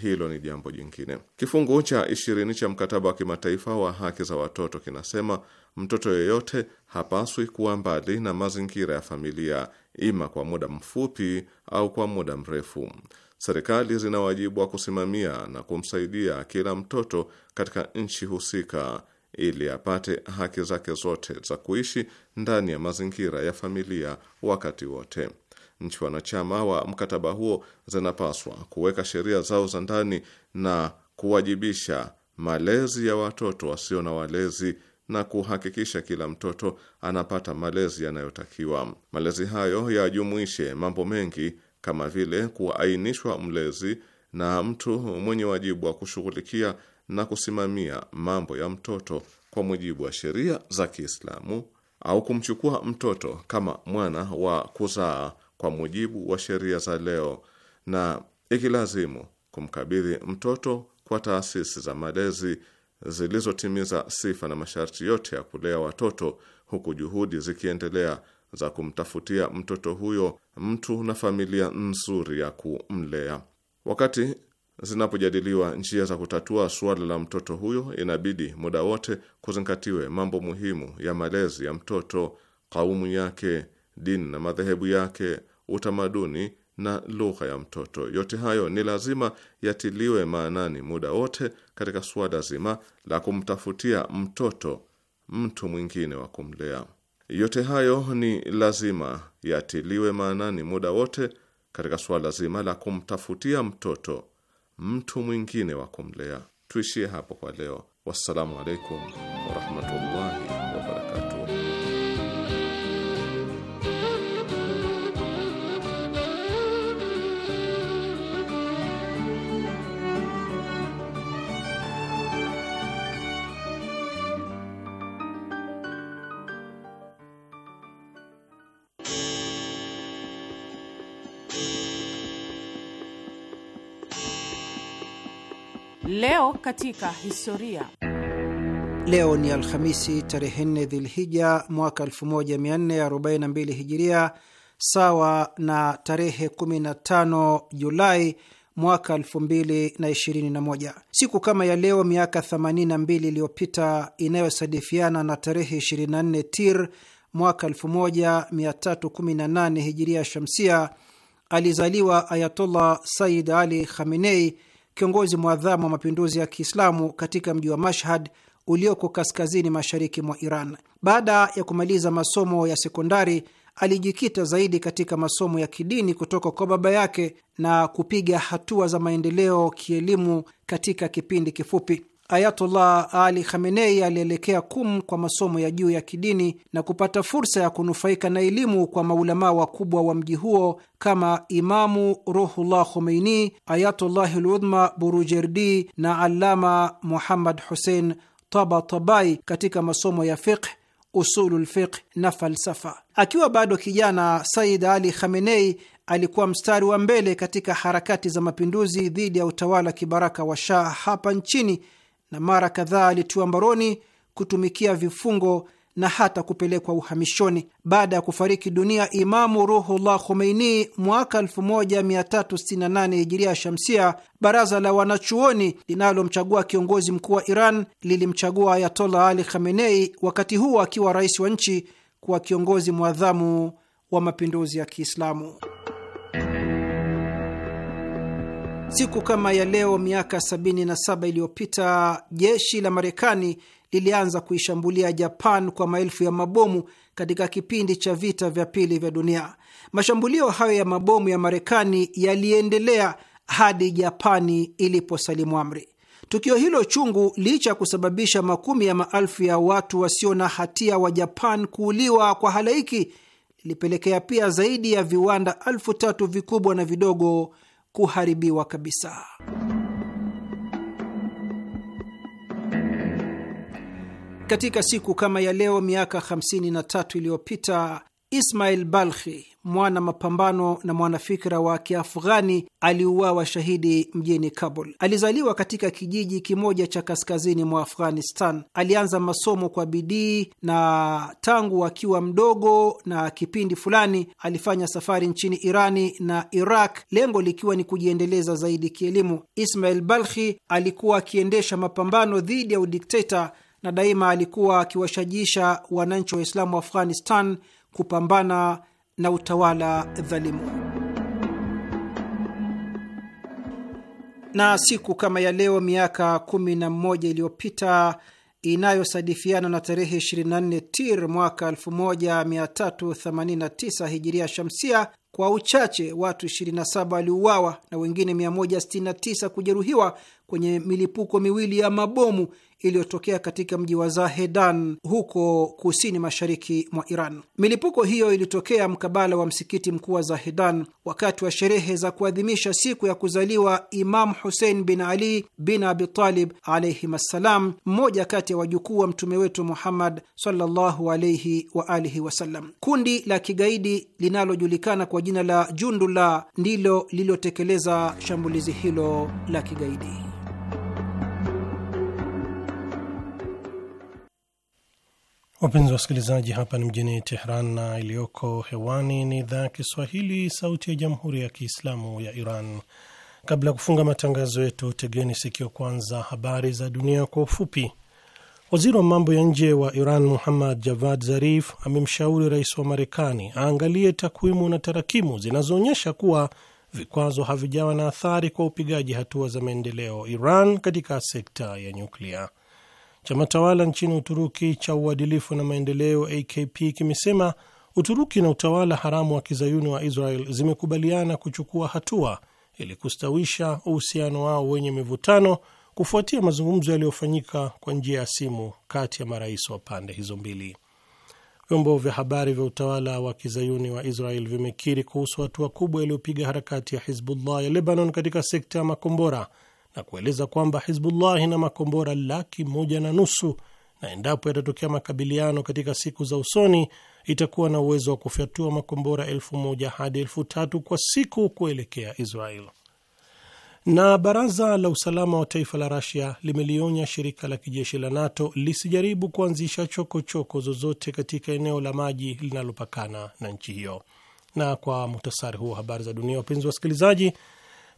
hilo ni jambo jingine. Kifungu cha ishirini cha mkataba wa kimataifa wa haki za watoto kinasema mtoto yeyote hapaswi kuwa mbali na mazingira ya familia, ima kwa muda mfupi au kwa muda mrefu. Serikali zina wajibu wa kusimamia na kumsaidia kila mtoto katika nchi husika ili apate haki zake zote za kuishi ndani ya mazingira ya familia wakati wote. Nchi wanachama wa mkataba huo zinapaswa kuweka sheria zao za ndani na kuwajibisha malezi ya watoto wasio na walezi na kuhakikisha kila mtoto anapata malezi yanayotakiwa. Malezi hayo yajumuishe mambo mengi kama vile kuainishwa mlezi na mtu mwenye wajibu wa kushughulikia na kusimamia mambo ya mtoto kwa mujibu wa sheria za Kiislamu au kumchukua mtoto kama mwana wa kuzaa kwa mujibu wa sheria za leo na ikilazimu kumkabidhi mtoto kwa taasisi za malezi zilizotimiza sifa na masharti yote ya kulea watoto huku juhudi zikiendelea za kumtafutia mtoto huyo mtu na familia nzuri ya kumlea. Wakati zinapojadiliwa njia za kutatua suala la mtoto huyo, inabidi muda wote kuzingatiwe mambo muhimu ya malezi ya mtoto: kaumu yake, dini na madhehebu yake, utamaduni na lugha ya mtoto. Yote hayo ni lazima yatiliwe maanani muda wote katika suala zima la kumtafutia mtoto mtu mwingine wa kumlea. Yote hayo ni lazima yatiliwe maanani muda wote katika suala zima la kumtafutia mtoto mtu mwingine wa kumlea. Tuishie hapo kwa leo. Wassalamu alaikum. Leo katika historia. Leo ni Alhamisi tarehe nne Dhilhija mwaka 1442 Hijiria, sawa na tarehe 15 Julai mwaka 2021. Siku kama ya leo miaka 82 iliyopita, inayosadifiana na tarehe 24 Tir mwaka 1318 Hijiria Shamsia, alizaliwa Ayatollah Sayyid Ali Khamenei, kiongozi mwadhamu wa mapinduzi ya Kiislamu katika mji wa Mashhad ulioko kaskazini mashariki mwa Iran. Baada ya kumaliza masomo ya sekondari, alijikita zaidi katika masomo ya kidini kutoka kwa baba yake na kupiga hatua za maendeleo kielimu katika kipindi kifupi. Ayatullah Ali Khamenei alielekea Kum kwa masomo ya juu ya kidini na kupata fursa ya kunufaika na elimu kwa maulamaa wakubwa wa mji huo kama Imamu Ruhullah Khomeini, Ayatullahi Ludhma Burujerdi na Allama Muhammad Hussein Tabatabai katika masomo ya fiqh usulul na falsafa. Akiwa bado kijana, Said Ali Khamenei alikuwa mstari wa mbele katika harakati za mapinduzi dhidi ya utawala kibaraka wa Shah hapa nchini na mara kadhaa alitiwa mbaroni, kutumikia vifungo na hata kupelekwa uhamishoni. Baada ya kufariki dunia Imamu Ruhullah Khomeini mwaka 1368 hijiria shamsia, baraza la wanachuoni linalomchagua kiongozi mkuu wa Iran lilimchagua Ayatollah Ali Khamenei, wakati huo akiwa rais wa nchi, kuwa kiongozi mwadhamu wa mapinduzi ya Kiislamu. Siku kama ya leo miaka 77 iliyopita jeshi la Marekani lilianza kuishambulia Japan kwa maelfu ya mabomu katika kipindi cha vita vya pili vya dunia. Mashambulio hayo ya mabomu ya Marekani yaliendelea hadi Japani iliposalimu amri. Tukio hilo chungu, licha ya kusababisha makumi ya maelfu ya watu wasio na hatia wa Japan kuuliwa kwa halaiki, lilipelekea pia zaidi ya viwanda elfu tatu vikubwa na vidogo kuharibiwa kabisa. Katika siku kama ya leo miaka 53 iliyopita Ismail Balkhi mwana mapambano na mwanafikira wa Kiafghani aliuawa shahidi mjini Kabul. Alizaliwa katika kijiji kimoja cha kaskazini mwa Afghanistan. Alianza masomo kwa bidii na tangu akiwa mdogo, na kipindi fulani alifanya safari nchini Irani na Iraq, lengo likiwa ni kujiendeleza zaidi kielimu. Ismail Balkhi alikuwa akiendesha mapambano dhidi ya udikteta na daima alikuwa akiwashajisha wananchi wa islamu wa Afghanistan kupambana na utawala dhalimu. Na siku kama ya leo miaka kumi na mmoja iliyopita inayosadifiana na tarehe 24 Tir mwaka 1389 hijiria shamsia, kwa uchache watu 27 waliuawa na wengine 169 kujeruhiwa kwenye milipuko miwili ya mabomu iliyotokea katika mji wa Zahedan huko kusini mashariki mwa Iran. Milipuko hiyo ilitokea mkabala wa msikiti mkuu wa Zahedan wakati wa sherehe za kuadhimisha siku ya kuzaliwa Imam Husein bin Ali bin Abitalib alaihim assalam, mmoja kati ya wajukuu wa mtume wetu Muhammad sallallahu alaihi wa alihi wasallam. Kundi la kigaidi linalojulikana kwa jina la Jundula ndilo lililotekeleza shambulizi hilo la kigaidi. Wapenzi wasikilizaji, hapa ni mjini Tehran na iliyoko hewani ni idhaa ya Kiswahili, sauti ya jamhuri ya kiislamu ya Iran. Kabla ya kufunga matangazo yetu, tegeni sikio kwanza habari za dunia kwa ufupi. Waziri wa mambo ya nje wa Iran Muhammad Javad Zarif amemshauri rais wa Marekani aangalie takwimu na tarakimu zinazoonyesha kuwa vikwazo havijawa na athari kwa upigaji hatua za maendeleo Iran katika sekta ya nyuklia. Chama tawala nchini Uturuki cha uadilifu na maendeleo AKP kimesema Uturuki na utawala haramu wa kizayuni wa Israel zimekubaliana kuchukua hatua ili kustawisha uhusiano wao wenye mivutano kufuatia mazungumzo yaliyofanyika kwa njia ya simu kati ya marais wa pande hizo mbili. Vyombo vya habari vya utawala wa kizayuni wa Israel vimekiri kuhusu hatua kubwa iliyopiga harakati ya Hizbullah ya Lebanon katika sekta ya makombora na kueleza kwamba Hizbullahi na makombora laki moja na nusu na endapo yatatokea makabiliano katika siku za usoni itakuwa na uwezo wa kufyatua makombora elfu moja hadi elfu tatu kwa siku kuelekea Israel. Na baraza la usalama wa taifa la Rasia limelionya shirika la kijeshi la NATO lisijaribu kuanzisha chokochoko zozote katika eneo la maji linalopakana na nchi hiyo. Na kwa muhtasari huu wa habari za dunia, wapenzi wasikilizaji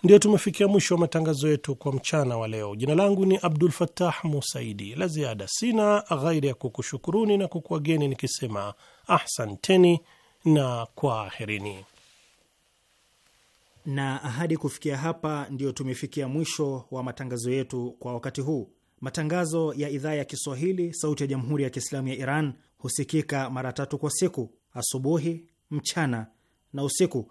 ndio tumefikia mwisho wa matangazo yetu kwa mchana wa leo. Jina langu ni Abdul fatah Musaidi. La ziada sina ghairi ya kukushukuruni na kukuageni nikisema ahsanteni na kwaherini na ahadi. Kufikia hapa, ndio tumefikia mwisho wa matangazo yetu kwa wakati huu. Matangazo ya idhaa ya Kiswahili sauti ya jamhuri ya Kiislamu ya Iran husikika mara tatu kwa siku: asubuhi, mchana na usiku